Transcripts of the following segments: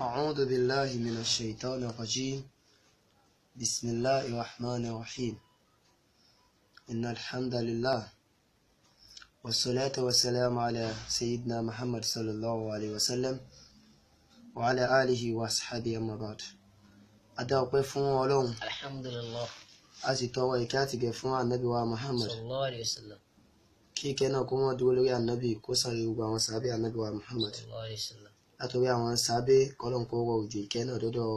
أعوذ بالله من الشيطان الرجيم بسم الله الرحمن الرحيم إن الحمد لله والصلاة والسلام على سيدنا محمد صلى الله عليه وسلم وعلى آله وأصحابه أما بعد أدعوكم فون ولون الحمد لله أتي توا إكاتك فون النبي محمد صلى الله عليه وسلم كي كان كما دولي النبي كسر وبعث النبي محمد صلى الله عليه وسلم látòrí àwọn sábẹ́ kọ́lọ́n kó rọ òjò ìkẹ́ náà dọ́dọ̀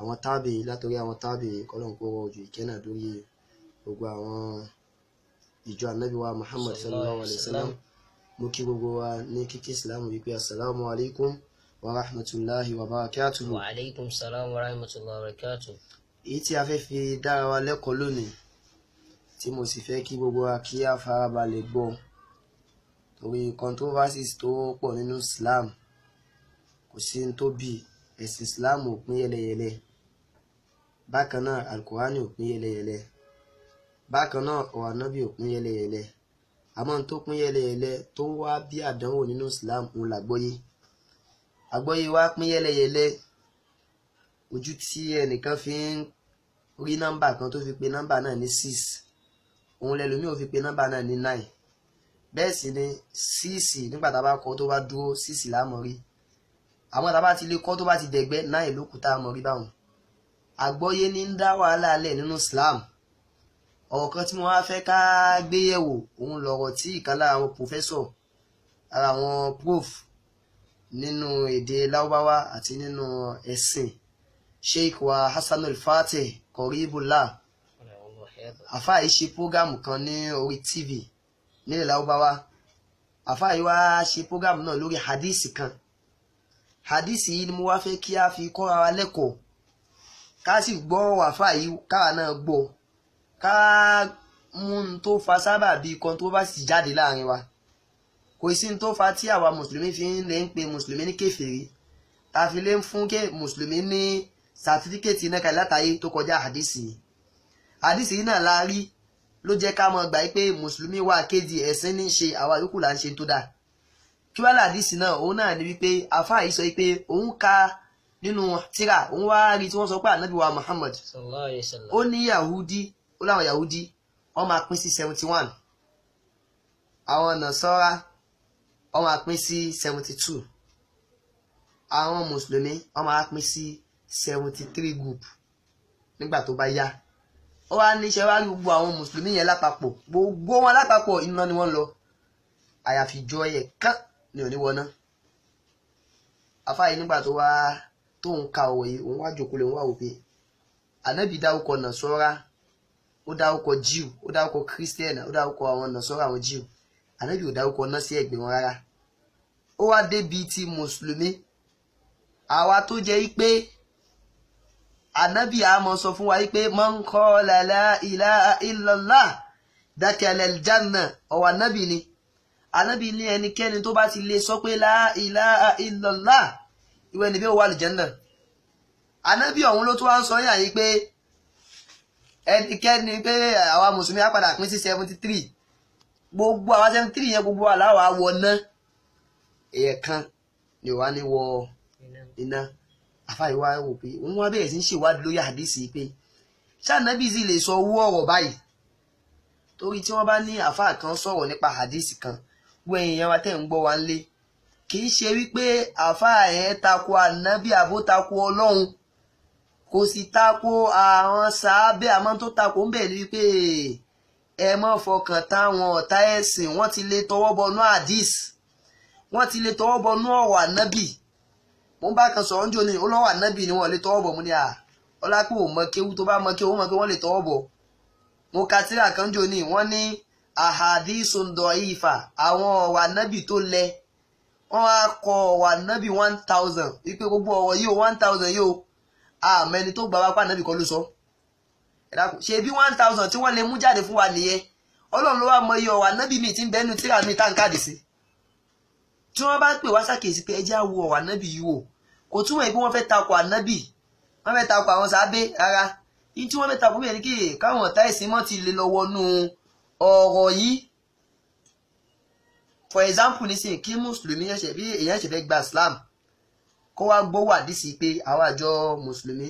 àwọn tábì látòrí àwọn tábì kọ́lọ́n òjò ìkẹ́ náà lórí gbogbo àwọn ìjọ ànábì wa Muhammad sallallahu alayhi wa sallam mo kí gbogbo wa ní kíkí ìsìlámù wípé asalaamu alaykum wa rahmatulahi wa barakatuhu. wa aleykum salaam wa rahmatulahi wa barakatuhu. èyí tí a fẹ́ fi dára wa lẹ́kọ̀ọ́ lónìí tí mo sì fẹ́ kí gbogbo wa kí a farabalẹ̀ gbọ́ torí controversies tó pọ̀ nínú Islam kò sí ní tó bí ẹ̀sìn islam ò pín yẹlẹyẹlẹ bákan náà alukurani ò pín yẹlẹyẹlẹ bákan náà ọ̀rọ̀ anábì ò pín yẹlẹyẹlẹ àmọ́ ní tó pín yẹlẹyẹlẹ tó ń wá bí àdánwò nínú islam òun làgbọ́yé àgbọ́yé wa pín yẹlẹyẹlẹ ojú tí ẹnìkan fi ń rí nọ́mbà kan tó fi pe nọ́mbà náà ní six òun lẹ́lòmíì ò fi pe nọ́mbà náà ní nine bẹ́ẹ̀ sì ni six, nígbà tá a bá kọ tó bá dúró síìsì lámọ̀ rí àwọn tá a bá ti lè kọ́ tó bá ti dẹ̀gbẹ́ náà ìlókù tá a mọ̀ rí báwọn. àgbọ́yé ní ń dá wàhálà alẹ́ nínú Islam ọ̀rọ̀ tí mo wá fẹ́ ká gbé yẹ̀wò òun lọ̀rọ̀ tí ìkan lára àwọn pòfẹ́sọ̀ ara àwọn prof nínú èdè láwáwá àti nínú ẹ̀sìn Sheikh wa Hassanul Fatih Qoribullah àfáà yìí ṣe prógámù kan ní orí TV nílẹ̀ láwáwá àfáà yìí wá ṣe prógámù náà lórí hadisi kan hadisi yìí ni mo wá fẹ́ kí a fi kọ́ ara lẹ́kọ̀ọ́ ká sì gbọ́ wàfà yìí káwa náà gbọ́ ká mú un tó fa sábà bí kan tó bá sì jáde láàrin wa kò sí tó fa tí àwa mùsùlùmí fi ń lè ń pe mùsùlùmí ní kèfèrí ta fi lè ń fún ké mùsùlùmí ní sàtífíkẹ́tì náà kàlí látàyè tó kọjá hadisi yìí hadisi yìí náà la rí ló jẹ́ ká mọ̀ gbà pé mùsùlùmí wà kéde ẹ̀sìn ní ṣe àwa yòókù là ń ṣe tó dáa kí wàá làdísì náà òun náà ni wípé àfáà yìí sọ pé òun ka nínú tírà òun wá rí tí wọ́n sọ pé ànábì wa Muhammad ó ní Yahudi ó láwọn Yahudi wọ́n máa pín sí seventy one àwọn Nasara wọ́n máa pín sí seventy two àwọn mùsùlùmí wọ́n máa pín sí seventy three group nígbà tó bá yá ó wá níṣẹ́ wá rí gbogbo àwọn mùsùlùmí yẹn lápapọ̀ gbogbo wọn lápapọ̀ iná ni wọ́n lọ àyàfi jọ ẹ̀yẹ kán ni ò ní wọná àfáà yìí nígbà tó wá tó ń ka òwe òun wá jòkó lè ń wá òwe ànábì dáwọ́kọ nàṣọ́ra ó dáwọ́kọ jíù ó dáwọ́kọ kírísítẹ́nà ó dáwọ́kọ àwọn nàṣọ́ra àwọn jíù ànábì ò dáwọ́kọ náà sí ẹ̀gbẹ́ wọn rárá ó wá débi ti mùsùlùmí àwa tó jẹ́ pé ànábì àmọ́ sọ fún wa pé man qala la ilaha illallah dakhala al-janna ọ̀wọ̀ ànábì ni anábì ní ẹnikẹ́ni tó bá ti lè sọ pé la ilaha illallah ìwé níbí ó wà àlùjánnà anábì ọ̀hún ló tún wá ń sọ yàn yìí pé ẹnikẹ́ni pé àwa mùsùlùmí á padà pín sí seventy three gbogbo àwa seventy three yẹn gbogbo àláwọ̀ àwọ̀ ná èèyàn kan ni wàá ní wọ iná àfàìwá wò pé òun wá bẹ̀rẹ̀ sí ń ṣèwádìí lórí àdìsí pé ṣànàbí sì lè sọ owó ọ̀rọ̀ báyìí torí tí wọ́n bá ní àfáà kan sọ̀rọ̀ nípa àdìsí kan gbọ́ èèyàn wa tẹ̀ ń gbọ́ wa ń lé kì í ṣe wípé àáfàá yẹn tako ànábì àbó tako ọlọ́run kò sì tako àwọn sàábẹ́ àmọ́ tó tako ń bẹ̀ ni wípé ẹ mọ́ fọkàn táwọn ọ̀tá ẹ̀sìn wọ́n ti lè tọwọ́ bọnú àdìs wọ́n ti lè tọwọ́ bọnú ọ̀wà nábì mo bá kan sọ̀rọ̀ ń jò ní olówó ànábì ni wọ́n lè tọwọ́ bọ̀ mo ní à ọlápò mọ kéwú tó bá mọ kéwú mọ pé lè tọwọ́ bọ̀ mo ka kan jò ní wọ́n ní ahadisun dọ̀ífà àwọn ọ̀wà nábì tó lẹ wọ́n wá kọ ọ̀wà nábì one thousand wípé gbogbo ọ̀wọ̀ yìí o one thousand yìí o àmẹ́ni tó gbà wá pa nábì kọ́ ló sọ. ṣe bí one thousand tí wọ́n lè mú jáde fún wa nìyẹn ọlọ́run ló wá mọ iye ọ̀wà nábì mi ti ń bẹ́nu tíra mi tá n káàdì sí. tí wọ́n bá ń pè wá sàkèsí pé ẹjẹ́ àwọ ọ̀wà nábì yìí wò kò túmọ̀ pé wọ́n fẹ́ takò ànábì wọ́n fẹ́ takò àwọn sàábé rárá ní tí wọ́n fẹ́ takò bí ẹni kí káwọn ọ̀tá ìsìn mọ́ ti lè lọ wọnú ọ̀rọ̀ yìí for example nísìnyí kí mùsùlùmí ṣẹ̀ṣẹ̀ bí èèyàn ṣẹ̀fẹ̀ gba Islam kó wá gbówó àdìsí pé àwọn àjọ mùsùlùmí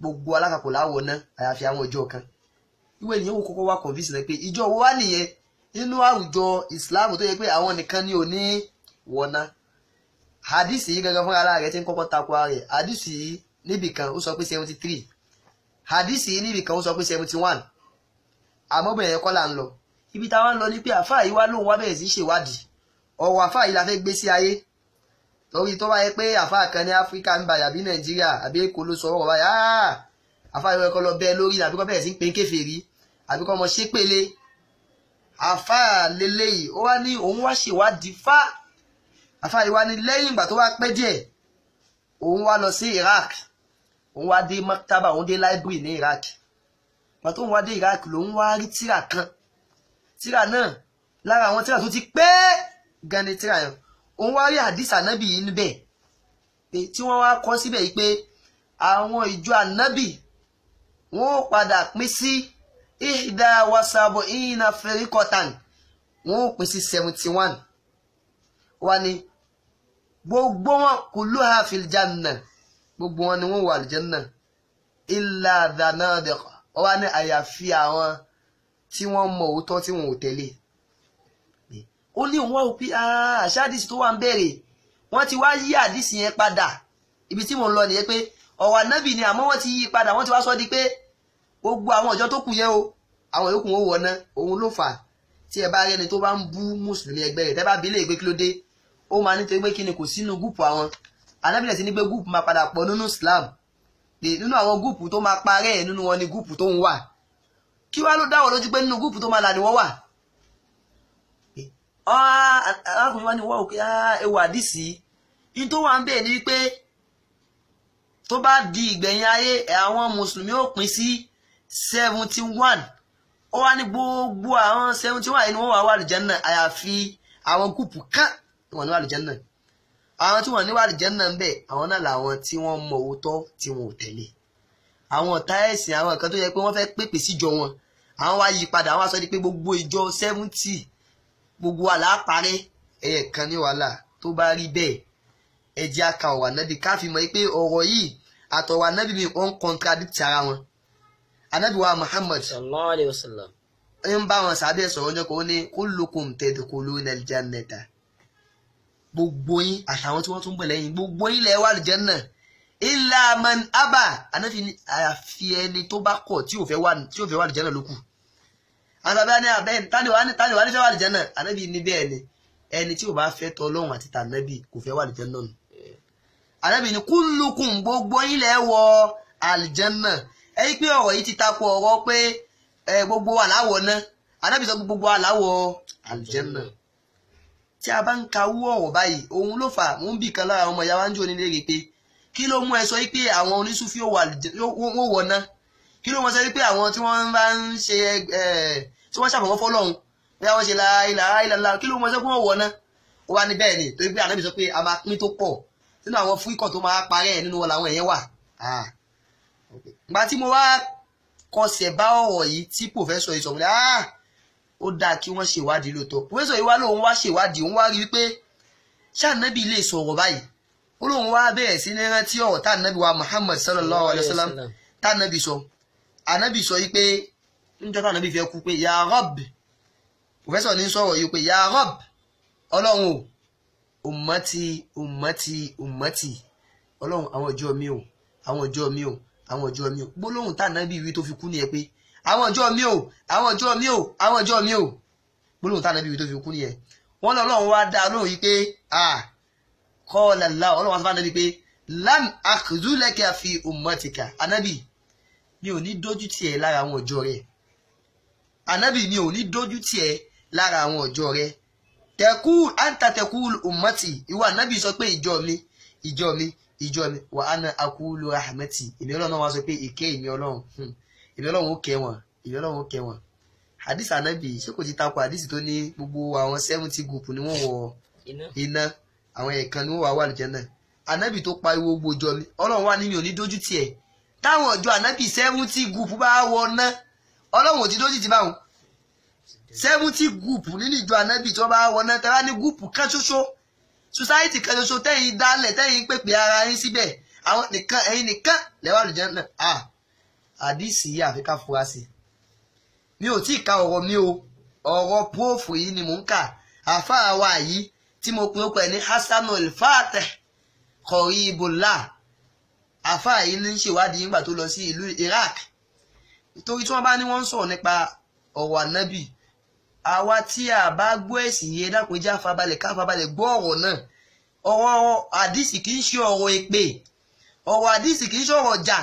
gbogbo alákàkọ láwọ ná àyàfi àwọn ọjọ́ kan ìwé ènìyàn wò kókó wá convince náà pé ìjọ wo wá nìyẹn nínú àwùjọ Islam tó yẹ pé àwọn nìkan ni ò ní wọ̀nà àdìsí yìí gangan fúnra rẹ̀ ti ń kọ́kọ́ takò rẹ̀ àdìsí yìí níbìkan ó sọ pé seventy three àdìsí yìí níbìkan ó sọ pé seventy one àmọ́ bẹ̀rẹ̀ kọ́ la ń lọ ibi tá a wá ń lọ ni pé àfáà yìí wá lóun wá bẹ̀rẹ̀ sí ṣèwádìí ọ̀rọ̀ àfáà yìí la fẹ́ gbé sí ayé torí tó bá yẹ pé àfáà kan ní áfíríkà ń bàyà bí nàìjíríà àbí èkó ló sọ ọ̀rọ̀ báyà àfáà yìí kọ́ lọ bẹ́ẹ̀ lórí àbí kọ́ bẹ̀rẹ̀ sí pé kèfèrí àbí kọ́ ọmọ ṣépele àfáà leléyìí ó wá ní òun wá ṣèwádìí fá àfáà yìí wá ní lẹ́yìn ìgbà tó wá pẹ́ díẹ̀ òun wá lọ sí Iraq òun wá dé maktaba òun dé library ní Iraq ìgbà tó ń wá dé iraq ló ń wá rí tíra kan tíra náà lára àwọn tíra tó ti pé gan ni tíra yẹn òun wá rí àdìsá nábì yìí níbẹ̀ pé tí wọ́n wá kọ́ síbẹ̀ yìí pé àwọn ìjọ ànábì wọ́n padà pín sí ìdá wasabo ìyìnà fẹ́ríkọ́tàn wọ́n pín sí seventy one wà ní gbogbo wọn kulluha fil janna gbogbo wọn ni wọ́n wà àlùjànnà illa dhanadiqa wọ́n wá ní àyàfi àwọn tí wọ́n mọ òótọ́ tí wọn ò tẹ̀lé ó lé wọn ò pí àṣà àdìsí tó wà ń bẹ̀rẹ̀ wọ́n ti wá yí àdìsí yẹn padà ibi tí mò ń lọ nìyẹn pé ọ̀wà nábì ni àmọ́ wọ́n ti yí padà wọ́n ti wá sọ di pé gbogbo àwọn ọjọ́ tó kù yẹn o àwọn yòókù wọn wọ̀nà òun ló fà tí ẹ bá rẹni tó bá ń bú mùsùlùmí ẹgbẹ́ rẹ̀ tẹ́bá bílẹ̀ ìgbé kílódé ó máa nítorí pé kí ni kò sínú gúùpù àwọn anábìlẹ̀ ti ní pé gúùpù máa padà pọ̀ nínú Islam nínú àwọn gúùpù tó máa parẹ́ nínú wọn ni gúùpù tó ń wà kí wàá ló dáwọ́ lójú pé nínú gúùpù tó máa là ní wọ́n wà arákùnrin wa ni wọ́n òkè ewu ah, àdìsí ní tó wà ń bẹ̀ ni wípé tó bá di ìgbẹ̀yìn ayé àwọn mùsùlùmí ó pín sí seventy one ó wá ní gbogbo àwọn seventy one yìí ni wọ́n wà wà lùjẹ́ náà àyàfi àwọn gúùpù kan wọ́n ní wà lùjẹ́ náà àwọn tí wọ́n ní wàlìjẹ́ náà ń bẹ̀ àwọn náà làwọn tí wọ́n mọ òótọ́ tí wọn ò tẹ̀lé àwọn ọ̀tá ẹ̀sìn àwọn kan tó yẹ pé wọ́n fẹ́ pèpè síjọ wọn àwọn wá yí padà àwọn aṣọ pé gbogbo ìjọ seventy gbogbo àlàáparẹ́ ẹ̀yẹ̀ kan ní wàhálà tó bá rí bẹ́ẹ̀ ẹ jẹ́ ká ọ̀wà nábì ká fi mọ̀ pé ọ̀rọ̀ yìí àtọ̀wà nábì mi ò ń contradict ara wọn ànábì wa Muhammad sallallahu alaihi wasallam ń bá wọn sábẹ́ sọ̀rọ̀ ọjọ́ kan ó ní kullukum tadkhuluna al-jannata gbogbo yín àtàwọn tí wọ́n tún bọ̀ lẹ́yìn gbogbo yín lẹ wà àlùjánnà illa man aba ànáfi àfi ẹni tó bá kọ̀ tí ò fẹ́ wà tí ò fẹ́ wà àlùjánnà ló kù àtàbí àni abẹ́ tani wà tani wà ní wà àlùjánnà ànábi ní bẹ́ẹ̀ ni ẹni tí ò bá fẹ́ tọ Ọlọ́run àti tànábì kò fẹ́ wà àlùjánnà nù ànábi ni kullukum gbogbo yín lẹ wọ àlùjánnà ẹ̀yìn pé ọ̀rọ̀ yìí ti takò ọ̀rọ̀ pé gbogbo aláwọ̀ náà ànábi sọ gbogbo aláwọ̀ àlùjánnà tí a bá ń kawú ọ̀rọ̀ báyìí òun ló fà mú bì kan lára ọmọ ìyá wa ń jò nílé rè pé kí ló mú ẹ sọ pé àwọn onísúfí ó wọ̀ ná kí ló mú ẹ sọ pé àwọn tí wọ́n bá ń ṣe tí wọ́n ṣàfọwọ́ fọ́lọ́hún bí wọ́n ṣe la ilà ilà kí ló mú ẹ sọ pé wọ́n wọ̀ ná ó wá ní bẹ́ẹ̀ ni torí pé ànábì sọ pé a máa pín tó pọ̀ nínú àwọn fúríkọ̀ tó máa parẹ́ nínú wọn làwọn èèyàn wà. ìgbà tí mo wá kọsẹ̀ bá ọ̀rọ̀ yìí tí pòfẹ́sọ̀ yìí sọ ó dáa kí wọ́n ṣèwádìí lóòótọ́ pòfẹ́sọ̀ yìí wá lóun wá ṣèwádìí òun wá rí i pé ṣàǹnàbì lè sọ̀rọ̀ báyìí ó lóun wá bẹ̀rẹ̀ sí ní rántí ọ̀rọ̀ tànàbì wa Muhammad sallallahu alayhi wa sallam tànàbì sọ ànàbì sọ yìí pé níjọ́ tànàbì fẹ́ kú pé ya Rabb pòfẹ́sọ̀ ní sọ̀rọ̀ yìí pé ya Rabb ọlọ́run o ummati ummati ummati ọlọ́run àwọn ìjọ mi o àwọn ìjọ mi o àwọn ìjọ mi o gbólóhùn tànàbì wí tó fi kú ni pé àwọn ìjọ mi o àwọn ìjọ mi o àwọn ìjọ mi o gbólóhùn táwọn ẹbí tó fi kú nìyẹn wọn lọ Ọlọ́run wá dá lóhùn yìí pé kọ́ọ̀lá la Ọlọ́run wá sọ fún pé lam akzulaka fi ummatika anabi mi ò ní dójú tiẹ̀ lára àwọn ìjọ rẹ̀ anabi mi ò ní dójú tiẹ̀ lára àwọn ìjọ rẹ̀ tẹ̀kú àǹtà tẹ̀kú ummati ìwọ anabi sọ pé ìjọ mi ìjọ mi ìjọ mi wà á na akulu rahmati èmi Ọlọ́run wá sọ pé ìkẹ́ èmi Ọlọ́run. Hmm ìrẹ́lọ́run ó kẹ́ wọn ìrẹ́lọ́run ó kẹ́ wọn hadith anabi ṣé kò ti takò hadith tó ní gbogbo àwọn seventy group ni wọ́n wọ iná àwọn ẹ̀kan ni wọ́n wà wà lùjẹ́nà anabi tó pariwo gbòjọ mi ọlọ́run wà níyàn ní dójú tiẹ̀ táwọn ọjọ́ anabi seventy group bá wọ ná ọlọ́run ò ti dójú ti báwọn seventy group nínú ìjọ anabi tí wọ́n bá wọ ná tẹ́lá ní group kan ṣoṣo society kan ṣoṣo tẹ́yìn dálẹ̀ tẹ́yìn pèpè ara yín síbẹ̀ àwọn nìkan ẹ̀yin nìkan lẹ́wà lùjẹ́nà ah àdìsí yìí àfi ká fura sí mi ò tí ì ka ọ̀rọ̀ mi o ọ̀rọ̀ púrófù yìí ni mò ń kà àfáà wa yìí tí mo pè ó pẹ̀ ní hasanu elfateh kọ̀rìbùlà àfáà yìí ní ṣèwádìí nígbà tó lọ sí ìlú Iraq torí tí wọ́n bá ní wọ́n ń sọ̀rọ̀ nípa ọ̀rọ̀ ànábì àwa tí a bá gbọ́ ẹ̀sìn yẹn dákunjá fabalẹ̀ ká gbọ́ ọ̀rọ̀ náà ọ̀rọ̀ àdìsí kì í ṣe ọ̀rọ̀ èpè ọ̀rọ̀ àdìsí kì í ṣe ọ̀rọ̀ jà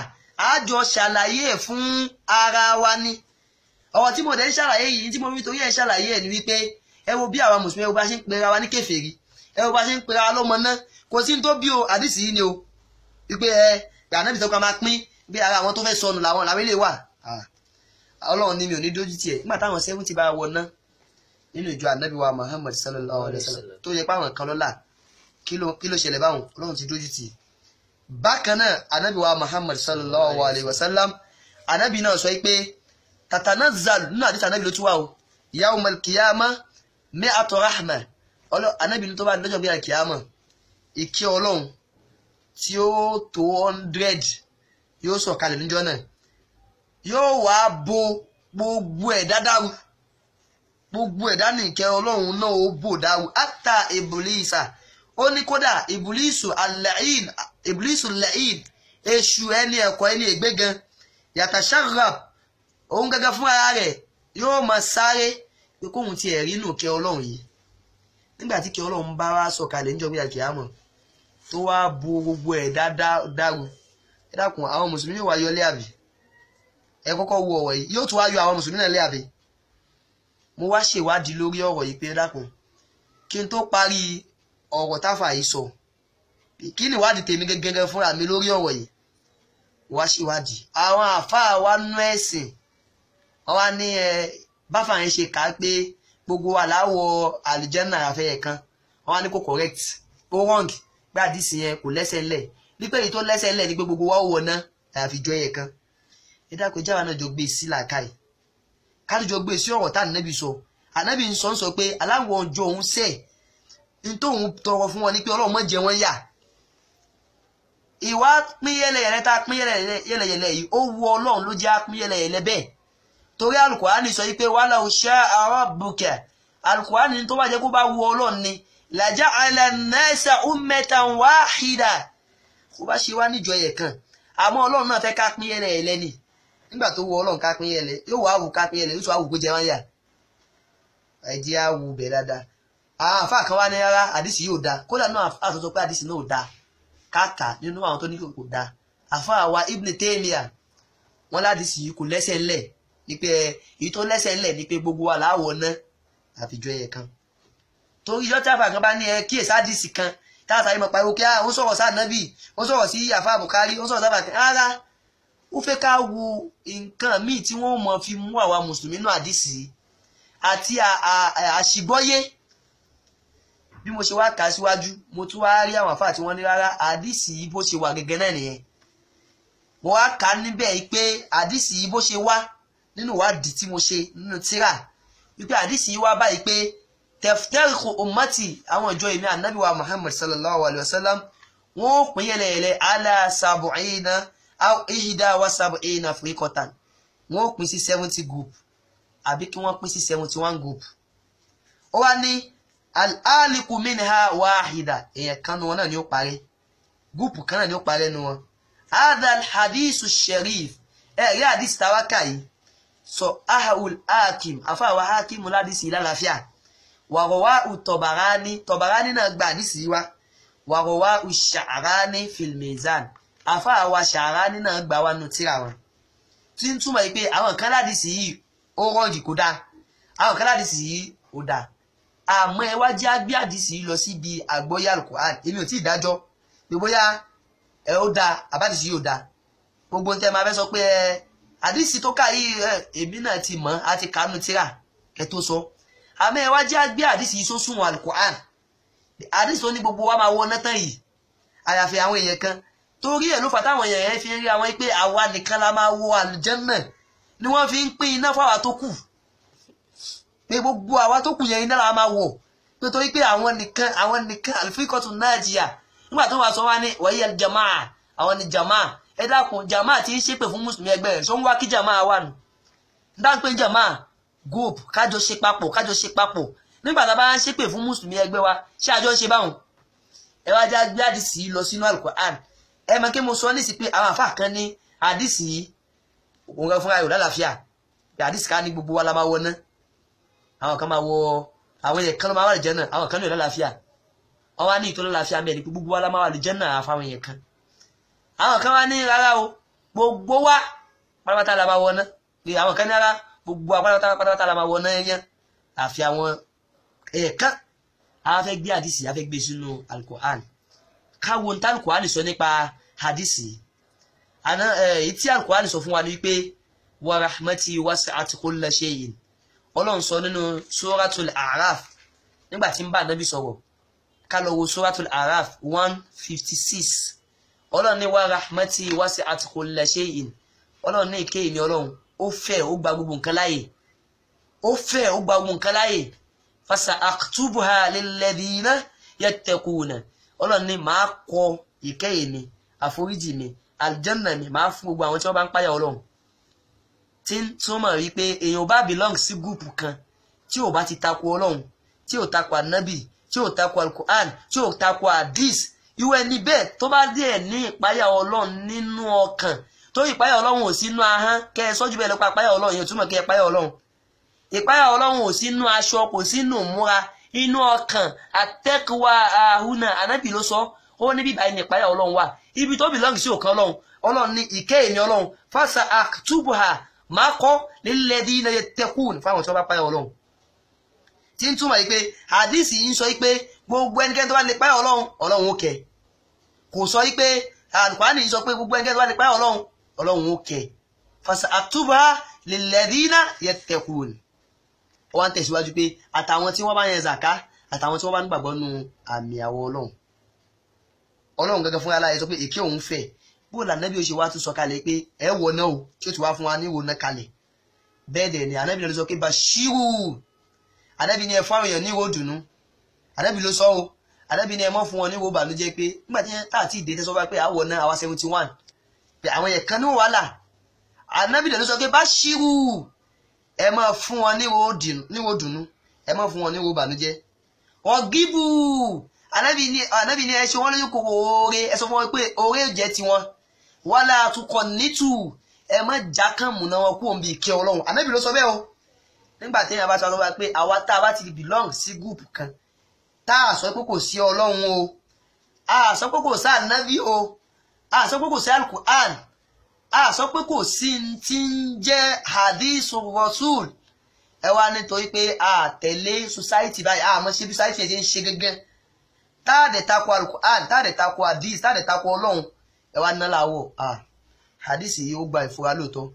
a jọ ṣàlàyé ẹ̀ fún ara wa ni ọ̀rọ̀ tí mo dẹ̀ ń ṣàlàyé yìí tí mo rí torí ẹ̀ ṣàlàyé ẹ̀ ni wípé ẹ wo bí àwa mùsùlùmí ẹ wo bá ṣe ń pera wa ní kèfèrí ẹ wo bá ṣe ń pera wa lọ́mọ náà kò sí ní tó bí o àdìsí yìí ni o wípé ẹ ànábì tó ká máa pín bí ara àwọn tó fẹ́ sọnù làwọn làwọn ilé wà ọlọ́run ni mi ò ní dójú tiẹ̀ nígbà táwọn sẹ́wọ́n ti bá wọ ná nínú ìjọ ànábì wa Muhammad sallallahu alayhi wa sallam tó yẹ pé àwọn kan lọ́la kí ló ṣẹlẹ̀ báwọn ọlọ́run ti dójú tiẹ̀ bákan náà anabi wa muhammad sallallahu alayhi wa sallam anabi náà sọ pé tatanazal nínú àdìsí anabi ló tún wà o yawmal kiyama mẹ́ àtọ̀ rahma ọlọ́ anabi ló tó bá lọ́jọ́ bí alkiyama ìkẹ́ ọlọ́run tí ó tó hundred yóò sọ̀kalẹ̀ níjọ́ náà yóò wá bo gbogbo ẹ̀dá dáhùn gbogbo ẹ̀dá nìkẹ́ ọlọ́run náà ó bò dáhùn ata ìbùlísà ó ní kódà ìbùlísù alain iblisu laid èṣù ẹni ẹ̀kọ́ ẹni ègbégan yatasharab òun gẹ́gẹ́ fún ara rẹ̀ yóò máa sáré pé kóun ti ẹ̀rí nù kẹ́ ọlọ́run yìí nígbà tí kẹ́ ọlọ́run bá wá sọ̀kalẹ̀ níjọ́ bí àkìyàmọ̀ tó wá bu gbogbo ẹ̀ dáadáa ẹ dákun àwọn mùsùlùmí yóò wá yọ lẹ́àbí ẹ kọ́kọ́ wo ọ̀rọ̀ yìí yóò tún wá yọ àwọn mùsùlùmí náà lẹ́àbí mo wá ṣèwádìí lórí ọ̀rọ̀ yìí pé ẹ dákun kí n tó parí ọ̀rọ̀ táfà yìí sọ kí ni ìwádìí tèmi gẹ́gẹ́ fúnra mi lórí ọ̀rọ̀ yìí wá síwádìí àwọn àáfàá wa nú ẹ̀sìn wọ́n wá ní ẹ báfà yẹn ṣe kà á pé gbogbo aláwọ̀ àlùjẹ́nà àfẹ́ kan wọ́n ní kò correct ó wrong pé àdìsí yẹn kò lẹ́sẹ̀ lẹ̀ wípé èyí tó lẹ́sẹ̀ lẹ̀ ni pé gbogbo wa ò wọ̀ náà àyàfi jọ yẹn kan ẹ dákun jáwa náà jọ gbé e sí làákàyè kájọ gbé e sí ọ̀rọ̀ tá ànábì sọ ànábì ń sọ ń sọ pé aláwọ̀ ọjọ́ òun sẹ́ẹ̀ ní tóun ìwà pín yẹlẹyẹlẹ tá a pín yẹlẹyẹlẹ yìí ó wu ọlọ́run ló jẹ́ pín yẹlẹyẹlẹ bẹ́ẹ̀ torí alukurani sọ pé wàhálà òṣà àrọ bùkẹ alukurani tó bá jẹ́ kó ni làjà àlànàṣà ummatan wahida kó bá ṣe wá níjọ yẹ kan àmọ́ ọlọ́run náà fẹ́ ká pín ni nígbà tó wu ọlọ́run ká yóò wá wù ká yóò wù kó jẹ Afa kan àdìsí yóò káàkà nínú àwọn tó ní kò da àfáà wa Ibn Taymiyyah wọn láti sì kò lẹ́sẹ̀ ńlẹ̀ ni pé èyí tó lẹ́sẹ̀ ńlẹ̀ ni pé gbogbo wa láwọ̀ ná àfijọ́ ẹ̀yẹ kan torí ìjọ tí àfàgán bá ní ẹ kí èsì àdìsí kan táàtà yìí mọ̀ pariwo kí ó sọ̀rọ̀ sáà nábì ó sọ̀rọ̀ sí àfa àbùkárí ó sọ̀rọ̀ sábà kan rárá ó fẹ́ ká wo nǹkan míì tí wọ́n mọ̀ fi mú àwa mùsùlùmí náà àdìsí àti àṣìgbọ́yé bí mo ṣe wá kà á síwájú mo tún wá rí àwọn àfáà tí wọ́n ní rárá àdìsí yìí bó ṣe wà gẹ́gẹ́ náà nìyẹn mo wá kà á níbẹ̀ pé àdìsí yìí bó ṣe wá nínú ìwádìí tí mo ṣe nínú tírà wípé àdìsí yìí wá báyìí pé tẹ̀fítẹ́rìkù ummati àwọn ìjọ ìmí ànábì wa sallallahu alayhi wa sallam wọ́n ó pín yẹlẹyẹlẹ ala sabu'ina au ihida wa sabu'ina firikotan wọ́n ó pín sí seventy group àbí kí wọ́n pín sí seventy one group ó wá ní al-aliku minha wahida èèyàn kan nu wọn náà ni ó parí gúùpù kan náà ni ó parí nu wọn hadha al-hadithu sharif ẹ rí hadith tawaka yìí sọ ahawul hakim afáwa hakim ládìsí lálàáfíà wàrọ̀wá tọ̀bàrání tọ̀bàrání náà gba àdìsí wa wàrọ̀wá ṣàrání fil-mizan afáwa ṣàrání náà gba wa nù tíra wọn tí ń túmọ̀ yìí pé àwọn kan ládìsí yìí ó rọ̀jì kó dáa àwọn kan ládìsí yìí ó dáa àmọ́ ẹ wá jẹ́ àgbé àdìsí lọ síbi àgbọ́yé alukuran èmi ò tí ì dájọ́ pé bóyá ẹ ó da àbádìsí yóò da gbogbo tẹ máa fẹ́ sọ pé ẹ àdìsí tó kárí ẹ èmi náà ti mọ̀ á ti kánú tíra kẹ tó sọ àmọ́ ẹ wá jẹ́ àgbé àdìsí sósùn alukuran àdìsí tó ní gbogbo wa máa wọ nátàn yìí àyàfi àwọn èèyàn kan torí ẹ̀ ló fà táwọn èèyàn yẹn fi ń rí àwọn pé àwa nìkan la máa wọ àlùjànnà ni wọ́n fi ń pín iná fáwa tó kù pé gbogbo àwa tó kù yẹn iná la máa wò pé torí pé àwọn nìkan àwọn nìkan àlùfíkọ́tù nájíyà nígbà tó wà sọ wá ní wọ́yẹ jamaa àwọn ni jamaa ẹ dákun jamaa ti ń ṣépè fún mùsùlùmí ẹgbẹ́ rẹ̀ sọ́n wá kí jamaa wà nù dáńpé jamaa group kájọ ṣe papọ̀ kájọ ṣe papọ̀ nígbà tá a bá ń ṣépè fún mùsùlùmí ẹgbẹ́ wa ṣé àjọ ń ṣe báwọn ẹ wá já gbé àdìsí lọ sínú alukur'an ẹ mọ kí mo sọ ní sí pé àwọn àfa kan ní àdìsí òun kan fúnra rẹ̀ lálàáfíà àdìsí ká ní gbogbo wa la máa wọ náà àwọn kan máa wọ àwọn èèyàn kan ló máa wà lìjẹ́ náà àwọn kan ló lálàáfíà ọwọ́ á ní ìtọ́lọ́ lálàáfíà mẹ́rin pé gbogbo wa la máa wà lìjẹ́ náà àfáwọn èèyàn kan àwọn kan wá ní rárá o gbogbo wa pátápátá la máa wọ ná pé àwọn kan ní rárá gbogbo wa pátápátá la máa wọ ná yẹn àfi àwọn ẹ̀ẹ̀kan a fẹ́ gbé àdìsí a gbé sínú alukoran káwo ní alukoran sọ nípa àdìsí eh, èyí tí alukoran sọ fún wa ni wípé wa rahmati wasi'at kulla shay'in ọlọ́run sọ nínú suratul araf nígbà tí ń bá ànábì sọ̀rọ̀ ká lọ wo suratul araf one fifty six ọlọ́run ní wa rahmati wasi'at kulla shay'in ọlọ́run ní ìkéyìí ni ọlọ́run ó fẹ́ ó gba gbogbo nǹkan láàyè ó fẹ́ ó gba gbogbo nǹkan láàyè fasa aktubuha lilladhina yattaquna ọlọ́run ní màá kọ ìkẹyìn mi àforíjì mi àlùjánnà mi màá fún gbogbo àwọn tí wọ́n bá ń páyà ọlọ́run tí ń túmọ̀ wípé èèyàn bá belong sí gúùpù kan tí ò bá ti tako ọlọ́run tí ò tako ànábì tí ò tako alukuhan tí ò tako àdìs irú ni bẹ́ẹ̀ tó bá díẹ̀ ní ìpáyà ọlọ́run nínú ọkàn tó ìpáyà ọlọ́run ò sínú ahọ́n kẹ́ ẹ sọ́jú bẹ́ẹ̀ lọ́pọ̀ ìpáyà ọlọ́run yẹn túmọ̀ kẹ́ ìpáyà ọlọ́run ìpáyà ọlọ́run ò sínú aṣọ kò sínú múra inú ọkàn àtẹ́kùwà àhùnà ànábì ló sọ ó ní bíbá ẹni ìpáyà ọlọ́run wà ibi tó bìlọ́ọ̀gì sí ọkàn ọlọ́run ọlọ́run ní ìkẹ́ ọlọ́run fásà àtúbùhà máa kọ́ lílẹ́dí iná yẹ tẹ́kùn fáwọn tí wọ́n bá páyà ọlọ́run tí ń túmọ̀ yìí pé àdìsí yìí ń sọ yìí pé gbogbo ẹnikẹ́ni tó bá lè páyà ọlọ́run ọlọ́run ó kẹ́ kò sọ yìí pé àlùkùránì yìí sọ pé gbogbo ẹnikẹ́ni tó bá lè páyà ọlọ́run ọlọ́run ó kẹ́ fàṣà àtúbà lílẹ́dí iná yẹ tẹ́kùn ó wá ń tẹ̀síwájú pé àtàwọn tí wọ́n bá yẹn zàká àtàwọn tí wọ́n bá ń gbàgbọ́ nu àmì àwọ̀ ọlọ́run ọlọ́run gẹ́gẹ́ fún aláyẹ sọ pé èké bó lànàbí o ṣe wá tún sọ kalẹ̀ pé ẹ wọ náà o tí o ti wá fún wa ní ìwò náà kalẹ̀ bẹ́ẹ̀ dẹ̀ ni ànábì ló sọ pé bashiru ànábì ni ẹ fún àwọn èèyàn ní ìwò dùnú ànábì ló sọ o ànábì ni ẹ mọ́ fún wọn ní ìwò bànújẹ́ pé nígbà tí tá àti ìdè tẹ́sọ́ bá pé àwọ̀ náà àwa seventy one pé àwọn èèyàn kan ní wàhálà ànábì ló sọ pé bashiru ẹ máa fún wọn ní ìwò dùnú ẹ máa fún wọn ní ìwò bànújẹ́ ọ̀gíbù ànábì ni ẹ ṣe wọ́n lóyún kòkòrò oore ẹ sọ fún wọn pé oore jẹ́ tiwọn wàlá àtúkọ̀ nítù ẹ má já kàn múná wọn kú òun bí ìkẹ́ ọlọ́run ànábì ló sọ bẹ́ẹ̀ o nígbà téèyàn bá sọ wá pé àwa tá a bá ti belong sí gúùpù kan tá a sọ pé kò sí ọlọ́run o a sọ pé kò sí ànábì o a sọ pé kò sí alukuran a sọ pé kò sí ti ń jẹ́ hadithu rasul ẹ wá nítorí pé a tẹ̀lé society báyìí a mọ̀ sí bí society ẹ̀ ṣe ń ṣe gẹ́gẹ́ táàdẹ̀ takò alukuran táàdẹ̀ takò hadith táàdẹ̀ takò ọlọ́run ẹ wá ná làwọ̀ hadisi yìí ó gba ìfura lóòótọ́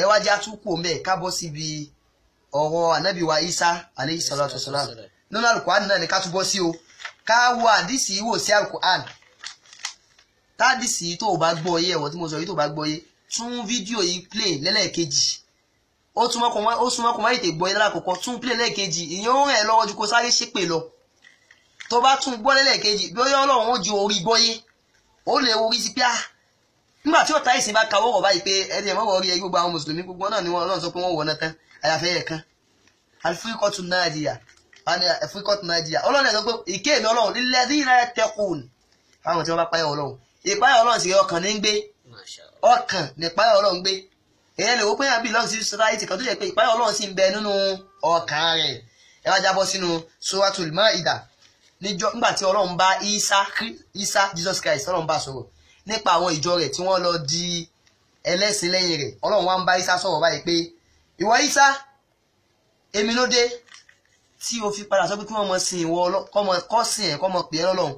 ẹ wá já tún kú omi ẹ̀ ká bọ́ síbi ọ̀rọ̀ ànábìwá isa aleyhi nínú alukuhan náà ni ká tún sí o ká wo hadisi yìí wò sí alukuhan táàdìsì yìí tó o bá gbọ́ yé ẹ̀wọ̀n tí mo sọ yìí tó o bá gbọ́ yé tún fídíò yìí play lẹ́lẹ́kejì ó súnmọ́ kó má tètè gbọ́ yé lákòókò tún play lẹ́lẹ́kejì ìyẹn ó ràn ẹ́ lọ́wọ́ ju kó sáré ṣépè lọ tó bá tún gbọ́ lẹ́lẹ́kejì bí ó yọ ọlọ́run ó ju orí gbọ́ yé ó lè orí sí pé ah nígbà tí ọ̀tá ìsìn bá kawọ́ wọ̀ báyìí pé ẹni ẹ̀ mọ́wọ́ rí ẹ gbogbo àwọn mùsùlùmí gbogbo náà ni wọ́n lọ́n sọ pé wọ́n wọ̀ náà tán àyàfẹ́ ẹ̀ kan àfikọ́ tún nàìjíríà àfikọ́ tún nàìjíríà ọlọ́run ẹ̀ sọ pé ìké mi ọlọ́run lílẹ̀ dínà tẹkùn fáwọn tí wọ́n bá páyà ọlọ́run ìpáyà ọlọ́run sì ọkàn ní gbé ọkàn ní ìpáyà ọlọ́run gbé èyí lè wò pé àbí lọ́ọ̀sì sọ́ráìtì kan tó yẹ pé ìpáyà ọlọ́run sì ń bẹ nínú ọkàn rẹ̀ ẹ wá jábọ́ sínú Suratul Maida níjọ́ nígbà tí ọlọ́run bá isa isa jesus christ ọlọ́run bá sọ̀rọ̀ nípa àwọn ìjọ rẹ̀ tí wọ́n lọ di ẹlẹ́sìn lẹ́yìn rẹ̀ ọlọ́run wá ń bá isa sọ̀rọ̀ báyìí pé ìwọ isa èmi ló dé tí o fi padà sọ pé kí wọ́n mọ sin ìwọ kọ́ sin ẹ̀ kọ́ mọ pè é lọ́lọ́run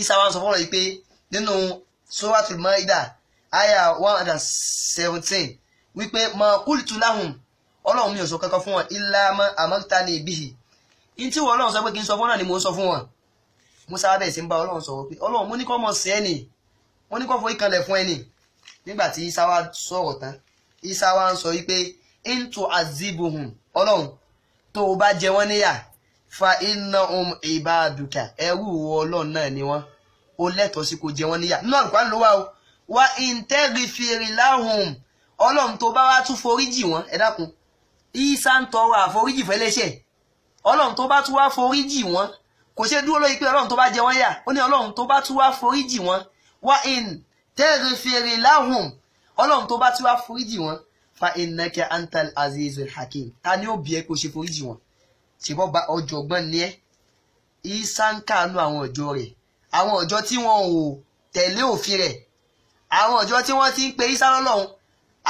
isa wá ń sọ fọ́lọ́ yìí pé nínú suratul maida aya one hundred and seventeen wípé mọ kúlìtù láhùn ọlọ́run mi ò sọ kankan fún wọn ilá àmọ́ta ní ìbíyì in tí wọ́n ọlọ́run sọ pé kí n sọ fún náà ni mo ń sọ fún wọn mo sábẹ́ sí ń bá ọlọ́run sọ̀rọ̀ pé ọlọ́run mo ní kọ́ mọ̀ sí ẹni mo ní kọ́ fọ ìkànlẹ̀ fún ẹni nígbà tí isa wa sọ̀rọ̀ tán isa wa ń sọ wípé into azibuhun ọlọ́run tó o bá jẹ wọ́n níyà fa iná um ìbáàdùkà ẹrú ọlọ́run náà ni wọ́n o lẹ́tọ̀ọ́ sí kò jẹ wọ́n níyà náà lùkọ́ ló wá o wa ìntẹ́gìfìrì láhùn ọlọ́run tó bá wá tún foríjì wọ́n ẹ dákun isa ń tọrọ àforíjì fẹ́lẹ́ṣẹ̀ ọlọ́run tó bá tún wá forí jì wọ́n kò ṣe dúró lórí pé ọlọ́run tó bá jẹ wọ́n yà ó ní ọlọ́run tó bá tún wá forí jì wọ́n wá in tẹ́rẹ̀ fèrè láhùn ọlọ́run tó bá tún wá forí jì wọ́n fa innaka antal azizul hakim ta ni ó bí ẹ kó ṣe forí jì wọ́n ṣèbọ́ ba ọ̀jọ̀gbọ́n ni ẹ́ ìsànkánú àwọn ọjọ́ rẹ̀ àwọn ọjọ́ tí wọ́n ò tẹ̀lé òfin rẹ̀ àwọn ọjọ́ tí wọ́n ti ń pe ìsà lọ́lọ́run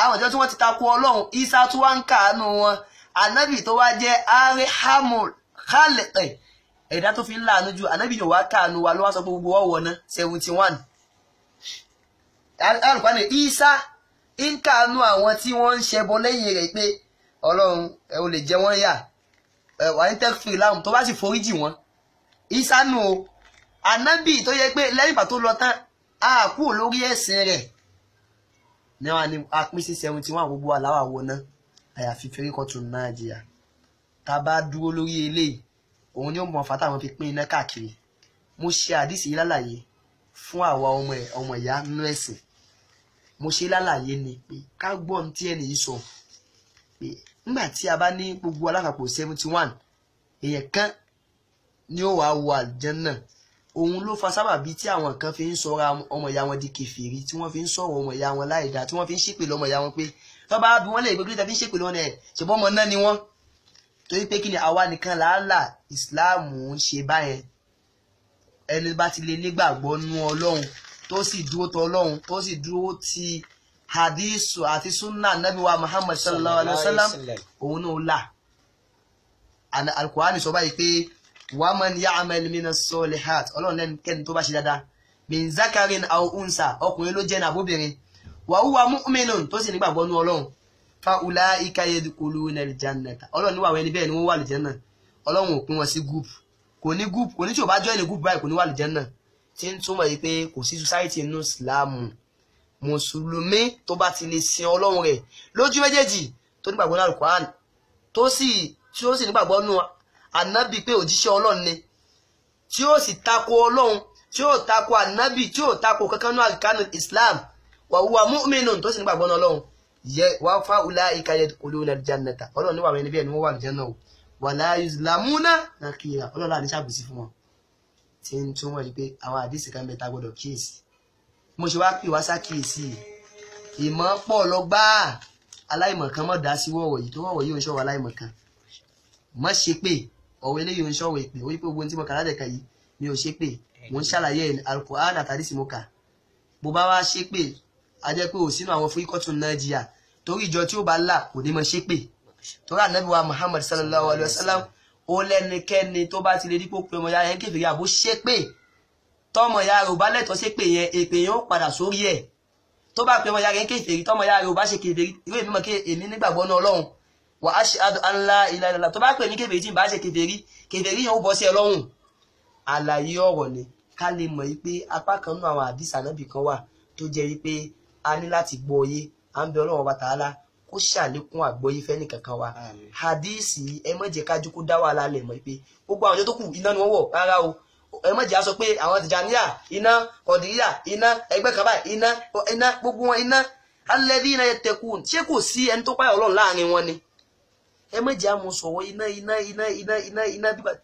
àwọn ọjọ́ tí wọ́n ti takò ọlọ́run ìsà tún wá ń kàánú wọn anabi tó wá jẹ́ arihamul khalqi ẹ̀dá tó fi ń láàánú ju anabi yóò wá káànú wa ló wá sọ pé gbogbo ọwọ́ náà seventy one alùpàdé isa ń káànú àwọn tí wọ́n ń ṣẹbọ lẹ́yìn rẹ̀ pé ọlọ́run ẹ ò lè jẹ wọ́n yà ẹ wà ní tẹ́kfìrì láwùn tó bá sì foríjì wọ́n isa nù o anabi tó yẹ pé lẹ́yìn ìgbà tó lọ tán a kú lórí ẹ̀sìn rẹ̀ ní wọn a pín sí seventy one gbogbo aláwọ̀ àwọn náà àyàfi fẹ́ríkọ́tù nàìjíríà tá a bá dúró lórí eléyìí òun ni ó mọ fata àwọn fi pín iná káàkiri mo ṣe àdìsí yìí lálàyé fún àwa ọmọ ẹ ọmọ ìyá nínú ẹ̀sìn mo ṣe lálàyé ni pé ká gbọ́ ní tí ẹnì yìí sọ pé nígbà tí a bá ní gbogbo alápapọ̀ seventy one èèyàn kan ni ó wàá wọ àlùjánnà òun ló fa sábàbí tí àwọn kan fi ń sọra ọmọ ìyá wọn di kèfèrí tí wọ́n fi ń sọ̀rọ̀ ọmọ ìyá wọn láìdáa tí wọ́n fi ń ṣépè lọ́mọ ìyá wọn pé tó bá bí wọ́n lè gbégbé tàbí ń ṣèpè lọ́nà ẹ̀ ṣùgbọ́n ọmọ náà ni wọ́n torí pé kí ni àwa nìkan làálà ìsìláàmù ń ṣe báyẹn ẹni bá ti lè nígbàgbọ́ nú ọlọ́run tó sì dúró tọ ọlọ́run tó sì dúró ti hadisu àti sunna nabi wa muhammad sallallahu alayhi wa sallam òun náà là alukurani sọ báyìí pé wa man ya'mal minas solihat ọlọ́run lẹ́nu kẹ́ni tó bá ṣe dáadáa min zakarin aw unsa ọkùnrin ló jẹ́ ní abóbìnrin wa huwa mu'minun tó sì nígbàgbọ́ nú ọlọ́run fa ulaika yadkhuluna al-jannata ọlọ́run níwà wẹni bẹ́ẹ̀ ni wọ́n wà al-janna ọlọ́run ò pín wọn sí gúùpù kò ní gúùpù kò ní tí ò bá join gúùpù báyìí kò ní wà al tí ń túmọ̀ yìí pé kò sí society inú Islam, mùsùlùmí tó bá ti lè sin ọlọ́run rẹ̀ lójú méjèèjì tó nígbàgbọ́ náà Al-Qur'an tó sì tí ó sì nígbàgbọ́ nù ànábì pé òjíṣẹ́ ọlọ́run ni tí ó sì tako ọlọ́run tí ó tako ànábì tí ó tako kankan náà àlùkánù Islam wa huwa mu'minun tó sì nígbàgbọ́ náà lọ́hùn yẹ wà fa ulaika yadkhuluna al-jannata ọlọ́run níwà wẹ́n níbẹ̀ ni wọ́n wà ní jẹ́nà o wa la yuzlamuna naqira ọlọ́run àní sàbùsí fún wọn tí ń tún wọ́n rí pé àwọn àdìsí kan bẹ́ẹ̀ ta gbọ́dọ̀ kíyèsí mo ṣe wá pè wá sákìyèsí ìmọ̀ pọ̀ lọ gbáà aláìmọ̀kan mọ̀ dá sí wọ̀wọ̀ yìí tó wọ̀wọ̀ yìí ò ń ṣọ̀wọ̀ aláìmọ̀kan mọ̀ ṣe pé ọ̀wọ̀ eléyìí ò ń ṣọ̀wọ̀ ìpè ó yí pé gbogbo ohun tí mo kà láti yìí mi ò ṣe pé mò ń ṣàlàyé Al-Qur'an mo kà bó bá wá ṣe pé a jẹ́ pé ò sínú àwọn fúríkọ́tù nàìjíríà torí ìjọ tí ó bá là kò ní mọ ṣépè torí ànábì wa Muhammad sallallahu alayhi wa sallam ó lẹ́nikẹ́ni tó bá ti lè dípò pé ọmọ ya yẹn kéfìrí àbó ṣépè tọmọ ya rò bá lẹ́tọ̀ọ́ ṣépè yẹn èpè yẹn ó padà sórí ẹ̀ tó bá pé ọmọ ya yẹn kéfìrí tọmọ ya rò bá ṣe kéfìrí ìwé mímọ́ ké èmi nígbàgbọ́ náà Ọlọ́run wà á ṣe àdó ńlá ilà ìlàlà tó bá pè ní kéfìrí tí ì bá ṣe kéfìrí kéfìrí yẹn ó bọ́ sí ẹ lọ́rùn àlàyé ọ̀rọ̀ ni ká lè mọ̀ pé apá kan nínú àwọn àdìsá náà bì kan a ní láti gbọ́ yé à ń bẹ ọlọ́run ọba tààlà kó ṣàlékún àgbọ́yé fẹ́ni kankan wa hadisi ẹ má jẹ́ kájú kó dá wàhálà lẹ̀ mọ́ pé gbogbo àwọn ọjọ́ tó kù iná ni wọ́n wọ̀ rárá o ẹ má jẹ́ á sọ pé àwọn tìjàníyà iná kọ̀dìríyà iná ẹgbẹ́ kan báyìí iná iná gbogbo wọn iná alẹ́bí iná tẹ̀kù ṣé kò sí ẹni tó páyà ọlọ́run láàrin wọn ni ẹ má jẹ́ àmọ́ sọ̀wọ́ iná iná iná iná iná iná bíbá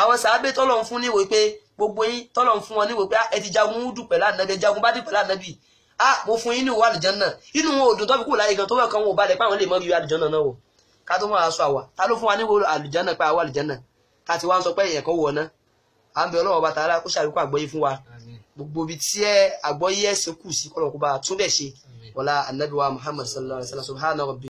àwọn sàábé tọ́lọ̀ ń fún níwò pé gbogbo yín tọ́lọ̀ ń fún wọn níwò pé ah, ẹ ti jagun wúdù pẹ̀lú ànábì ẹ jagun bá dì pẹ̀lú ànábì a ah, mo fún yín ní ìwà àlùjànnà inú wọn ò dùn tọ́bi kúrò láyé gan tó wẹ̀ kan wọn ò balẹ̀ páwọn lè mọ ìwà àlùjànnà náà wò ká tó mọ̀ aṣọ àwà ta ló fún wa níwò àlùjànnà pé àwa àlùjànnà ká ti wá ń sọ pé ẹ̀yẹ̀ kan wọ̀ ná à ń bẹ Ọlọ́run bá tara kó ṣàlùkọ́ àgbọ́yé fún wa gbogbo ibi tí ẹ àgbọ́yé